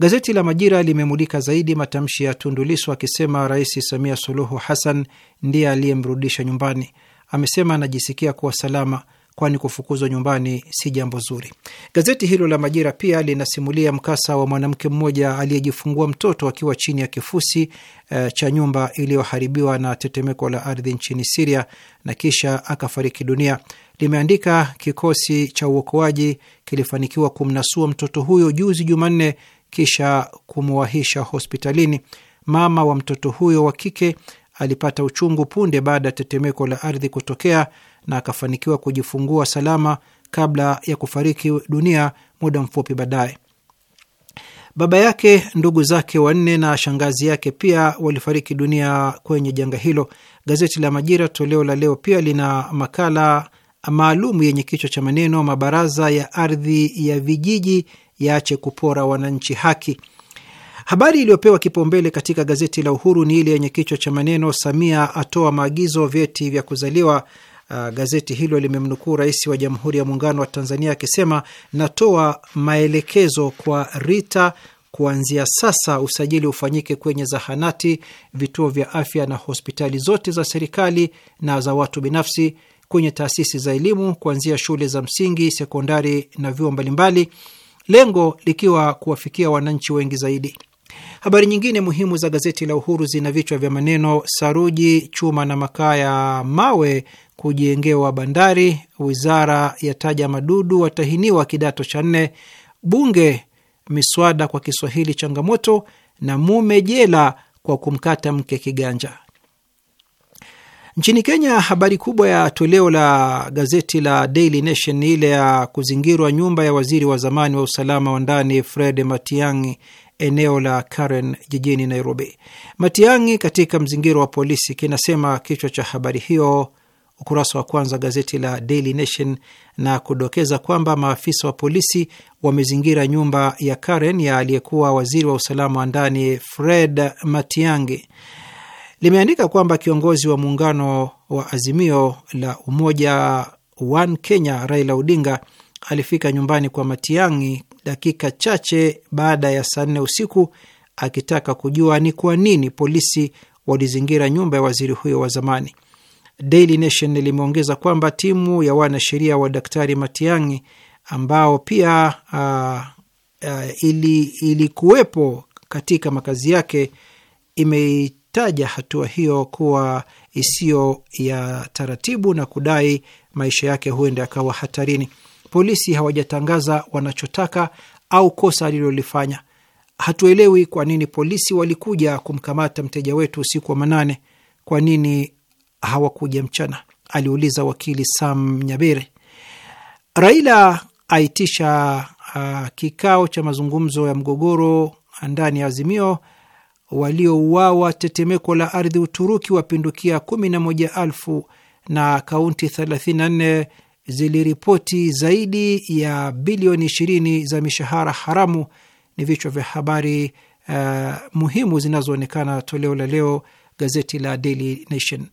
Gazeti la Majira limemulika zaidi matamshi ya Tundu Lissu akisema Rais Samia Suluhu Hassan ndiye aliyemrudisha nyumbani. Amesema anajisikia kuwa salama, kwani kufukuzwa nyumbani si jambo zuri. Gazeti hilo la Majira pia linasimulia mkasa wa mwanamke mmoja aliyejifungua mtoto akiwa chini ya kifusi e, cha nyumba iliyoharibiwa na tetemeko la ardhi nchini Siria na kisha akafariki dunia limeandika kikosi cha uokoaji kilifanikiwa kumnasua mtoto huyo juzi Jumanne kisha kumwahisha hospitalini. Mama wa mtoto huyo wa kike alipata uchungu punde baada ya tetemeko la ardhi kutokea na akafanikiwa kujifungua salama kabla ya kufariki dunia muda mfupi baadaye. Baba yake, ndugu zake wanne na shangazi yake pia walifariki dunia kwenye janga hilo. Gazeti la Majira toleo la leo pia lina makala maalum yenye kichwa cha maneno mabaraza ya ardhi ya vijiji yaache kupora wananchi haki. Habari iliyopewa kipaumbele katika gazeti la Uhuru ni ile yenye kichwa cha maneno Samia atoa maagizo vyeti vya kuzaliwa. Uh, gazeti hilo limemnukuu Rais wa Jamhuri ya Muungano wa Tanzania akisema, natoa maelekezo kwa Rita kuanzia sasa usajili ufanyike kwenye zahanati, vituo vya afya na hospitali zote za serikali na za watu binafsi kwenye taasisi za elimu kuanzia shule za msingi, sekondari na vyuo mbalimbali, lengo likiwa kuwafikia wananchi wengi zaidi. Habari nyingine muhimu za gazeti la Uhuru zina vichwa vya maneno: saruji, chuma na makaa ya mawe kujengewa bandari, wizara yataja madudu watahiniwa kidato cha nne, bunge miswada kwa Kiswahili changamoto, na mume jela kwa kumkata mke kiganja. Nchini Kenya, habari kubwa ya toleo la gazeti la Daily Nation ni ile ya kuzingirwa nyumba ya waziri wa zamani wa usalama wa ndani Fred Matiang'i eneo la Karen jijini Nairobi. Matiang'i katika mzingiro wa polisi, kinasema kichwa cha habari hiyo, ukurasa wa kwanza gazeti la Daily Nation, na kudokeza kwamba maafisa wa polisi wamezingira nyumba ya Karen ya aliyekuwa waziri wa usalama wa ndani Fred Matiang'i limeandika kwamba kiongozi wa muungano wa Azimio la Umoja One Kenya Raila Odinga alifika nyumbani kwa Matiang'i dakika chache baada ya saa nne usiku akitaka kujua ni kwa nini polisi walizingira nyumba ya waziri huyo wa zamani. Daily Nation limeongeza kwamba timu ya wanasheria wa Daktari Matiang'i ambao pia uh, uh, ili, ilikuwepo katika makazi yake ime taja hatua hiyo kuwa isiyo ya taratibu na kudai maisha yake huenda yakawa hatarini. Polisi hawajatangaza wanachotaka au kosa alilolifanya. Hatuelewi kwa nini polisi walikuja kumkamata mteja wetu usiku wa manane. Kwa nini hawakuja mchana? aliuliza wakili Sam Nyabere. Raila aitisha uh, kikao cha mazungumzo ya mgogoro ndani ya Azimio waliouawa tetemeko la ardhi Uturuki wapindukia 11,000 na kaunti 34 ziliripoti zaidi ya bilioni 20 za mishahara haramu. Ni vichwa vya habari uh, muhimu zinazoonekana toleo la leo gazeti la Daily Nation.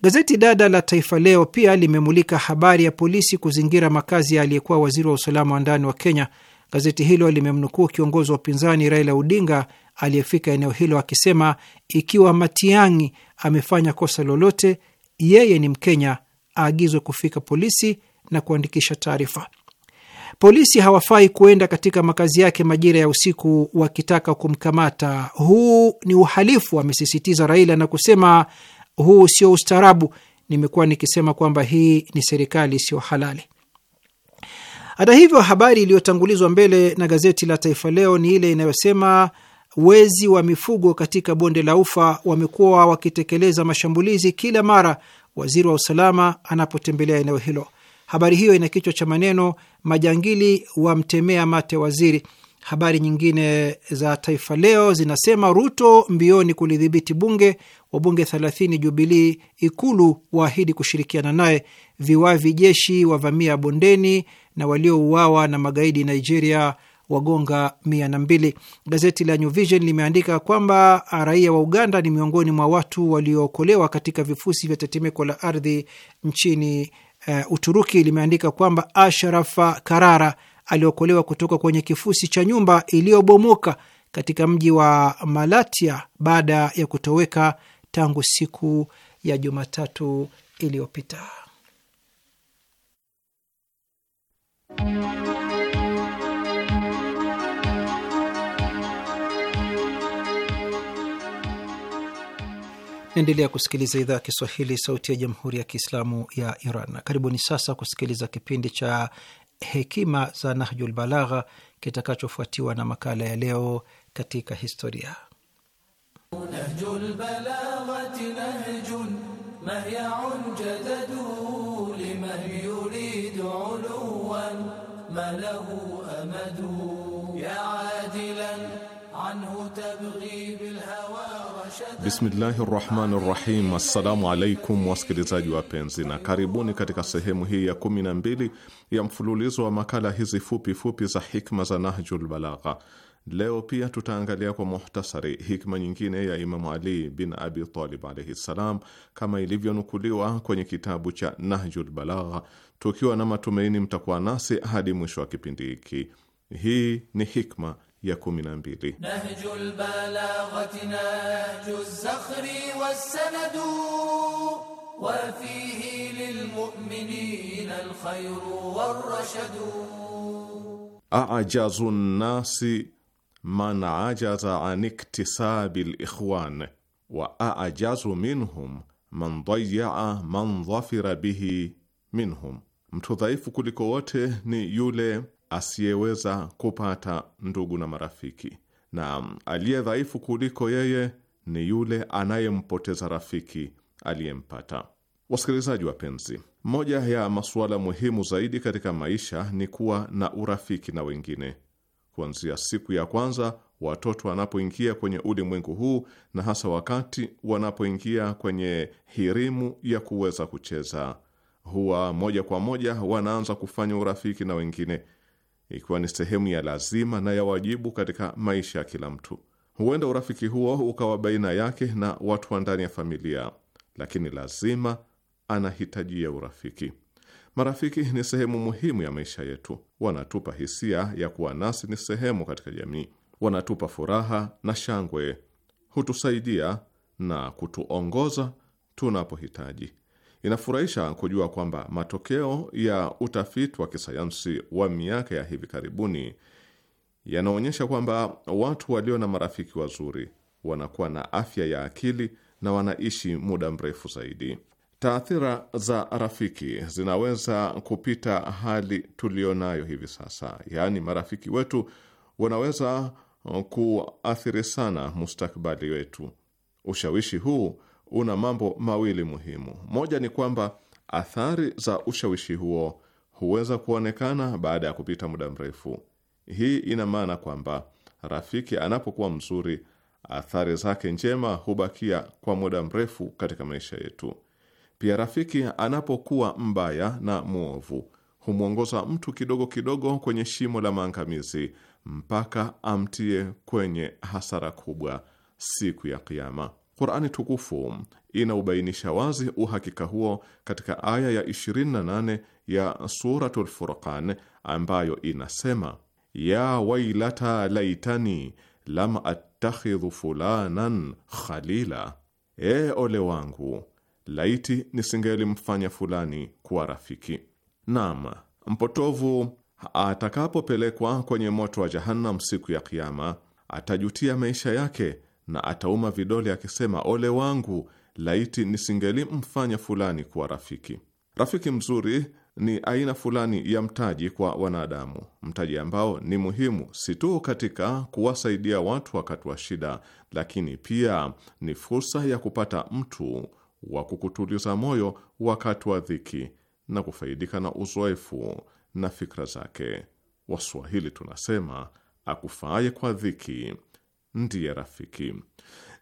Gazeti dada la Taifa Leo pia limemulika habari ya polisi kuzingira makazi ya aliyekuwa waziri wa usalama wa ndani wa Kenya. Gazeti hilo limemnukuu kiongozi wa upinzani Raila Odinga aliyefika eneo hilo akisema ikiwa Matiang'i amefanya kosa lolote, yeye ni Mkenya, aagizwe kufika polisi na kuandikisha taarifa. Polisi hawafai kuenda katika makazi yake majira ya usiku wakitaka kumkamata. Huu ni uhalifu, amesisitiza Raila na kusema huu sio ustaarabu. Nimekuwa nikisema kwamba hii ni serikali isiyo halali. Hata hivyo, habari iliyotangulizwa mbele na gazeti la Taifa Leo ni ile inayosema wezi wa mifugo katika bonde la Ufa wamekuwa wakitekeleza mashambulizi kila mara waziri wa usalama anapotembelea eneo hilo. Habari hiyo ina kichwa cha maneno majangili wamtemea mate waziri. Habari nyingine za Taifa Leo zinasema Ruto mbioni kulidhibiti bunge, wabunge 30 Jubilii, Ikulu waahidi kushirikiana naye, viwavi jeshi wavamia bondeni, na waliouawa na magaidi Nigeria wagonga mia na mbili. Gazeti la New Vision limeandika kwamba raia wa Uganda ni miongoni mwa watu waliookolewa katika vifusi vya tetemeko la ardhi nchini uh, Uturuki. Limeandika kwamba ashraf Karara aliokolewa kutoka kwenye kifusi cha nyumba iliyobomoka katika mji wa Malatya baada ya kutoweka tangu siku ya Jumatatu iliyopita. Naendelea kusikiliza idhaa ya Kiswahili, sauti ya jamhuri ya kiislamu ya Iran. Karibuni sasa kusikiliza kipindi cha hekima za Nahjul Balagha kitakachofuatiwa na makala ya leo katika historia. Bismillahi rahmani rahim. Assalamu alaikum wasikilizaji wapenzi, na karibuni katika sehemu hii ya kumi na mbili ya mfululizo wa makala hizi fupi fupi za hikma za Nahjul Balagha. Leo pia tutaangalia kwa muhtasari hikma nyingine ya Imamu Ali bin Abi Talib alaihi ssalam, kama ilivyonukuliwa kwenye kitabu cha Nahjul Balagha, tukiwa na matumaini mtakuwa nasi hadi mwisho wa kipindi hiki. Hii ni hikma ya kumi na mbili. Nahjul balaghati nahju zakhri wassanadu wa fihi lilmu'minina alkhayru warrashadu. Aajazu nnasi man ajaza an iktisabi alikhwan wa aajazu minhum man dayyaa man dhafira bihi minhum, mtu dhaifu kuliko wote ni yule asiyeweza kupata ndugu na marafiki, na aliye dhaifu kuliko yeye ni yule anayempoteza rafiki aliyempata. Wasikilizaji wapenzi, moja ya masuala muhimu zaidi katika maisha ni kuwa na urafiki na wengine. Kuanzia siku ya kwanza watoto wanapoingia kwenye ulimwengu huu, na hasa wakati wanapoingia kwenye hirimu ya kuweza kucheza, huwa moja kwa moja wanaanza kufanya urafiki na wengine ikiwa ni sehemu ya lazima na ya wajibu katika maisha ya kila mtu. Huenda urafiki huo ukawa baina yake na watu wa ndani ya familia, lakini lazima anahitajia urafiki. Marafiki ni sehemu muhimu ya maisha yetu. Wanatupa hisia ya kuwa nasi ni sehemu katika jamii, wanatupa furaha na shangwe, hutusaidia na kutuongoza tunapohitaji. Inafurahisha kujua kwamba matokeo ya utafiti wa kisayansi wa miaka ya hivi karibuni yanaonyesha kwamba watu walio na marafiki wazuri wanakuwa na afya ya akili na wanaishi muda mrefu zaidi. Taathira za rafiki zinaweza kupita hali tuliyonayo hivi sasa, yaani marafiki wetu wanaweza kuathiri sana mustakabali wetu. Ushawishi huu una mambo mawili muhimu. Moja ni kwamba athari za ushawishi huo huweza kuonekana baada ya kupita muda mrefu. Hii ina maana kwamba rafiki anapokuwa mzuri, athari zake njema hubakia kwa muda mrefu katika maisha yetu. Pia rafiki anapokuwa mbaya na mwovu humwongoza mtu kidogo kidogo kwenye shimo la maangamizi mpaka amtie kwenye hasara kubwa siku ya Kiama. Qur'ani tukufu inaubainisha wazi uhakika huo katika aya ya 28 ya Suratul Furqan ambayo inasema: ya wailata laitani lam attakhidhu fulanan khalila, e, ole wangu laiti nisingelimfanya fulani kuwa rafiki. Naam, mpotovu atakapopelekwa kwenye moto wa Jahannam siku ya Kiyama atajutia maisha yake na atauma vidole akisema, ole wangu, laiti nisingeli mfanya fulani kuwa rafiki. Rafiki mzuri ni aina fulani ya mtaji kwa wanadamu, mtaji ambao ni muhimu si tu katika kuwasaidia watu wakati wa shida, lakini pia ni fursa ya kupata mtu wa kukutuliza moyo wakati wa dhiki na kufaidika na uzoefu na fikra zake. Waswahili tunasema akufaaye kwa dhiki ndiye rafiki.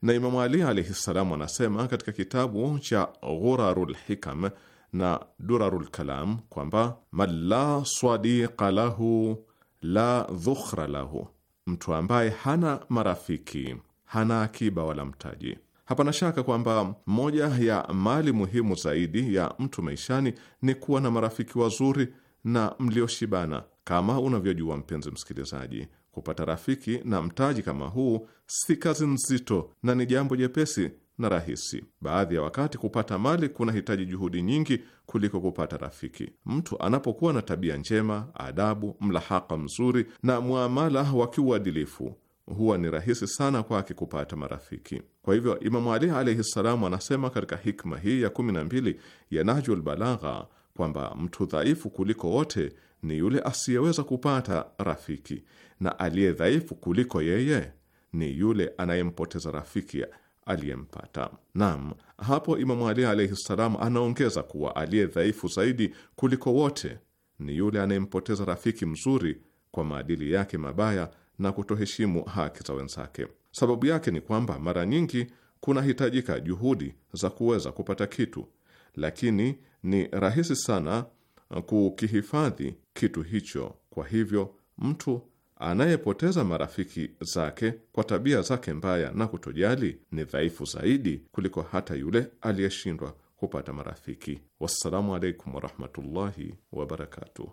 Na Imamu Ali alaihi ssalam anasema katika kitabu cha Ghurarul Hikam na Durarul Kalam kwamba man la swadiqa lahu la dhukhra lahu, mtu ambaye hana marafiki hana akiba wala mtaji. Hapana shaka kwamba moja ya mali muhimu zaidi ya mtu maishani ni kuwa na marafiki wazuri na mlioshibana. Kama unavyojua mpenzi msikilizaji, Kupata rafiki na mtaji kama huu si kazi nzito na ni jambo jepesi na rahisi. Baadhi ya wakati kupata mali kunahitaji juhudi nyingi kuliko kupata rafiki. Mtu anapokuwa na tabia njema, adabu, mlahaka mzuri na mwamala wa kiuadilifu, huwa ni rahisi sana kwake kupata marafiki. Kwa hivyo Imamu Ali alaihi ssalamu anasema katika hikma hii ya kumi na mbili ya Nahjul Balagha kwamba mtu dhaifu kuliko wote ni yule asiyeweza kupata rafiki na aliye dhaifu kuliko yeye ni yule anayempoteza rafiki aliyempata. Naam, hapo Imamu Ali alaihi ssalam anaongeza kuwa aliye dhaifu zaidi kuliko wote ni yule anayempoteza rafiki mzuri kwa maadili yake mabaya na kutoheshimu haki za wenzake. Sababu yake ni kwamba mara nyingi kunahitajika juhudi za kuweza kupata kitu lakini ni rahisi sana uh, kukihifadhi kitu hicho. Kwa hivyo mtu anayepoteza marafiki zake kwa tabia zake mbaya na kutojali ni dhaifu zaidi kuliko hata yule aliyeshindwa kupata marafiki. Wassalamu alaikum warahmatullahi wabarakatuh.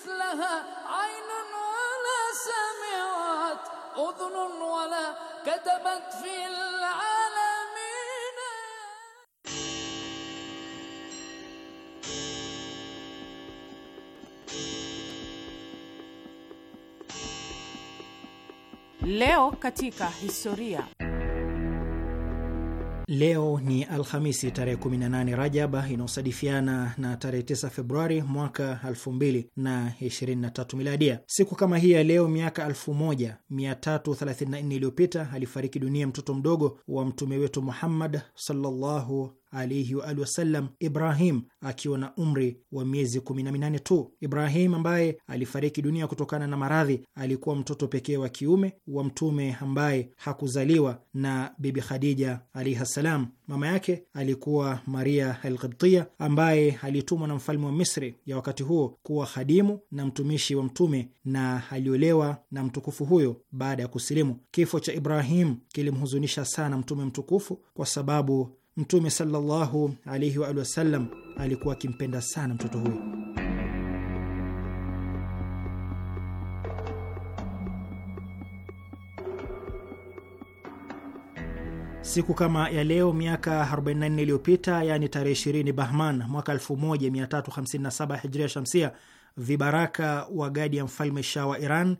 مثلها عين ولا سمعت أذن ولا كتبت في العالمين Leo katika historia. Leo ni Alhamisi tarehe 18 Rajaba inayosadifiana na tarehe 9 Februari mwaka 2023 miladia. Siku kama hii ya leo miaka 1334 iliyopita alifariki dunia mtoto mdogo wa mtume wetu Muhammad sallallahu alaihi wa alihi wasallam Ibrahim akiwa na umri wa miezi 18 tu. Ibrahim ambaye alifariki dunia kutokana na maradhi alikuwa mtoto pekee wa kiume wa Mtume ambaye hakuzaliwa na Bibi Khadija alaihi ssalam. Mama yake alikuwa Maria Alkibtia ambaye alitumwa na mfalme wa Misri ya wakati huo kuwa khadimu na mtumishi wa Mtume, na aliolewa na mtukufu huyo baada ya kusilimu. Kifo cha Ibrahim kilimhuzunisha sana Mtume mtukufu kwa sababu Mtume sallallahu alaihi wa alihi wasallam alikuwa akimpenda sana mtoto huyo. Siku kama ya leo miaka 44 iliyopita, yaani tarehe 20 Bahman mwaka 1357 hijria shamsia, vibaraka wa gadi ya mfalme Shah wa Iran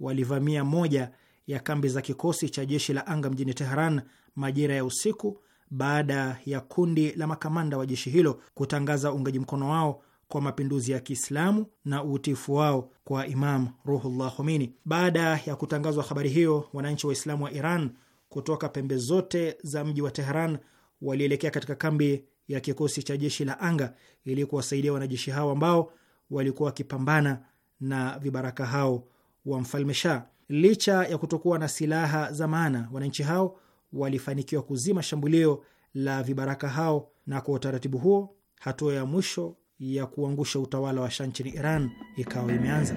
walivamia moja ya kambi za kikosi cha jeshi la anga mjini Teheran majira ya usiku baada ya kundi la makamanda wa jeshi hilo kutangaza uungaji mkono wao kwa mapinduzi ya Kiislamu na uutifu wao kwa Imam Ruhullah Khomeini. Baada ya kutangazwa habari hiyo, wananchi Waislamu wa Iran kutoka pembe zote za mji wa Teheran walielekea katika kambi ya kikosi cha jeshi la anga ili kuwasaidia wanajeshi hao ambao walikuwa wakipambana na vibaraka hao wa mfalme Shah. Licha ya kutokuwa na silaha za maana, wananchi hao walifanikiwa kuzima shambulio la vibaraka hao, na kwa utaratibu huo hatua ya mwisho ya kuangusha utawala wa Shah nchini Iran ikawa imeanza.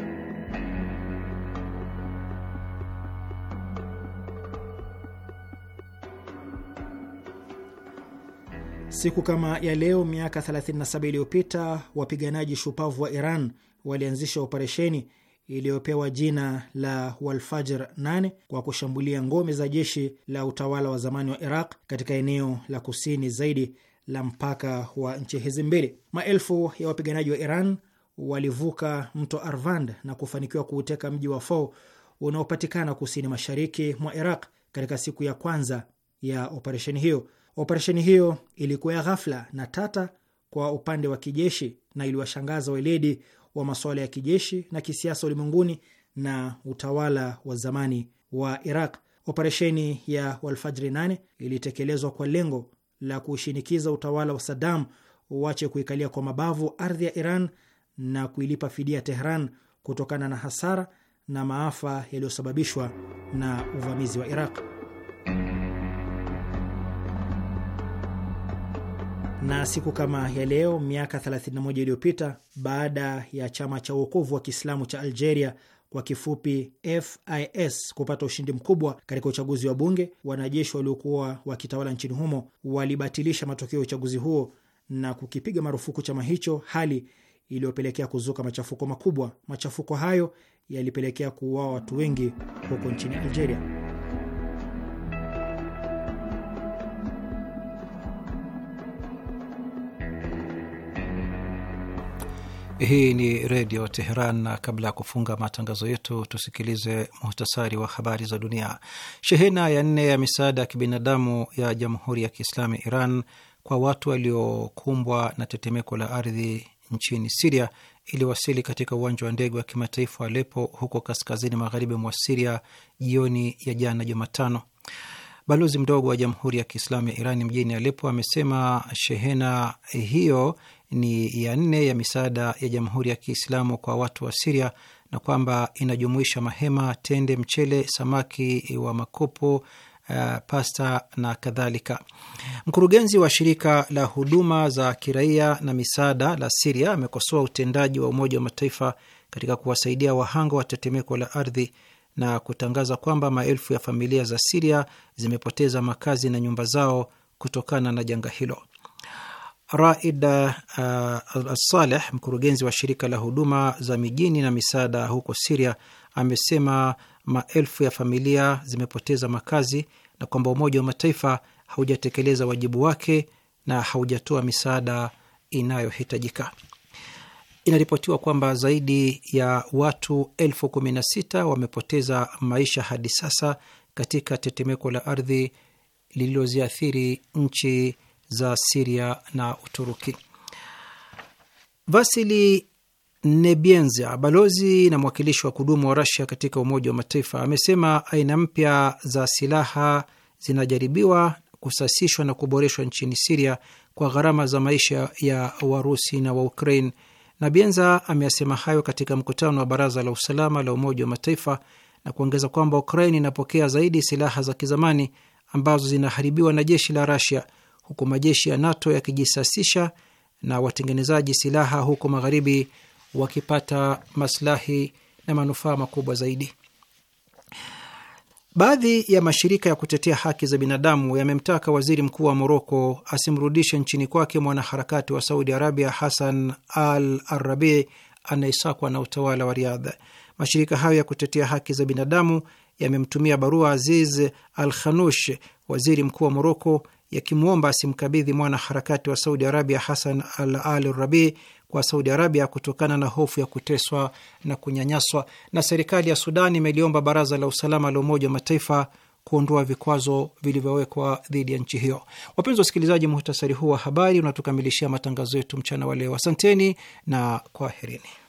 Siku kama ya leo miaka 37 iliyopita wapiganaji shupavu wa Iran walianzisha operesheni iliyopewa jina la Walfajr 8 kwa kushambulia ngome za jeshi la utawala wa zamani wa Iraq katika eneo la kusini zaidi la mpaka wa nchi hizi mbili. Maelfu ya wapiganaji wa Iran walivuka mto Arvand na kufanikiwa kuuteka mji wa Fo unaopatikana kusini mashariki mwa Iraq katika siku ya kwanza ya operesheni hiyo. Operesheni hiyo ilikuwa ya ghafla na tata kwa upande wa kijeshi na iliwashangaza weledi wa masuala ya kijeshi na kisiasa ulimwenguni na utawala wa zamani wa Iraq. Operesheni ya Walfajri 8 ilitekelezwa kwa lengo la kushinikiza utawala wa Saddam uache kuikalia kwa mabavu ardhi ya Iran na kuilipa fidia Tehran kutokana na hasara na maafa yaliyosababishwa na uvamizi wa Iraq. na siku kama ya leo miaka 31 iliyopita, baada ya chama cha uokovu wa Kiislamu cha Algeria kwa kifupi FIS kupata ushindi mkubwa katika uchaguzi wa bunge, wanajeshi waliokuwa wakitawala nchini humo walibatilisha matokeo ya uchaguzi huo na kukipiga marufuku chama hicho, hali iliyopelekea kuzuka machafuko makubwa. Machafuko hayo yalipelekea kuuawa watu wengi huko nchini Algeria. Hii ni Redio Teheran, na kabla ya kufunga matangazo yetu tusikilize muhtasari wa habari za dunia. Shehena ya nne ya misaada ya kibinadamu ya Jamhuri ya Kiislamu ya Iran kwa watu waliokumbwa na tetemeko la ardhi nchini Siria iliwasili katika uwanja wa ndege wa kimataifa wa Alepo huko kaskazini magharibi mwa Siria jioni ya jana Jumatano. Balozi mdogo wa Jamhuri ya Kiislamu ya Iran mjini Alepo amesema shehena hiyo ni ya nne ya misaada ya Jamhuri ya Kiislamu kwa watu wa Siria na kwamba inajumuisha mahema, tende, mchele, samaki wa makopo Uh, pasta na kadhalika. Mkurugenzi wa shirika la huduma za kiraia na misaada la Siria amekosoa utendaji wa Umoja wa Mataifa katika kuwasaidia wahanga wa tetemeko la ardhi na kutangaza kwamba maelfu ya familia za Siria zimepoteza makazi na nyumba zao kutokana na janga hilo. Raida uh, Saleh, mkurugenzi wa shirika la huduma za mijini na misaada huko Siria, amesema maelfu ya familia zimepoteza makazi na kwamba Umoja wa Mataifa haujatekeleza wajibu wake na haujatoa misaada inayohitajika. Inaripotiwa kwamba zaidi ya watu elfu kumi na sita wamepoteza maisha hadi sasa katika tetemeko la ardhi lililoziathiri nchi za Siria na Uturuki. Vasili Nebienza, balozi na mwakilishi wa kudumu wa Rasia katika Umoja wa Mataifa, amesema aina mpya za silaha zinajaribiwa kusasishwa na kuboreshwa nchini Siria kwa gharama za maisha ya Warusi na wa Ukraine. nabienza ameyasema hayo katika mkutano wa Baraza la Usalama la Umoja wa Mataifa na kuongeza kwamba Ukraine inapokea zaidi silaha za kizamani ambazo zinaharibiwa na jeshi la Rasia huku majeshi ya NATO yakijisasisha na watengenezaji silaha huko magharibi wakipata maslahi na manufaa makubwa zaidi. Baadhi ya mashirika ya kutetea haki za binadamu yamemtaka waziri mkuu wa Moroko asimrudishe nchini kwake mwanaharakati wa Saudi Arabia Hasan Al Arabi anayesakwa na utawala wa Riadha. Mashirika hayo ya kutetea haki za binadamu yamemtumia barua Aziz Al Khanush, waziri mkuu wa Moroko, yakimwomba asimkabidhi mwana harakati wa Saudi Arabia Hasan al Ali Rabi kwa Saudi Arabia kutokana na hofu ya kuteswa na kunyanyaswa. Na serikali ya Sudan imeliomba Baraza la Usalama la Umoja wa Mataifa kuondoa vikwazo vilivyowekwa dhidi ya nchi hiyo. Wapenzi wasikilizaji, muhtasari huu wa habari unatukamilishia matangazo yetu mchana wa leo. Asanteni na kwaherini.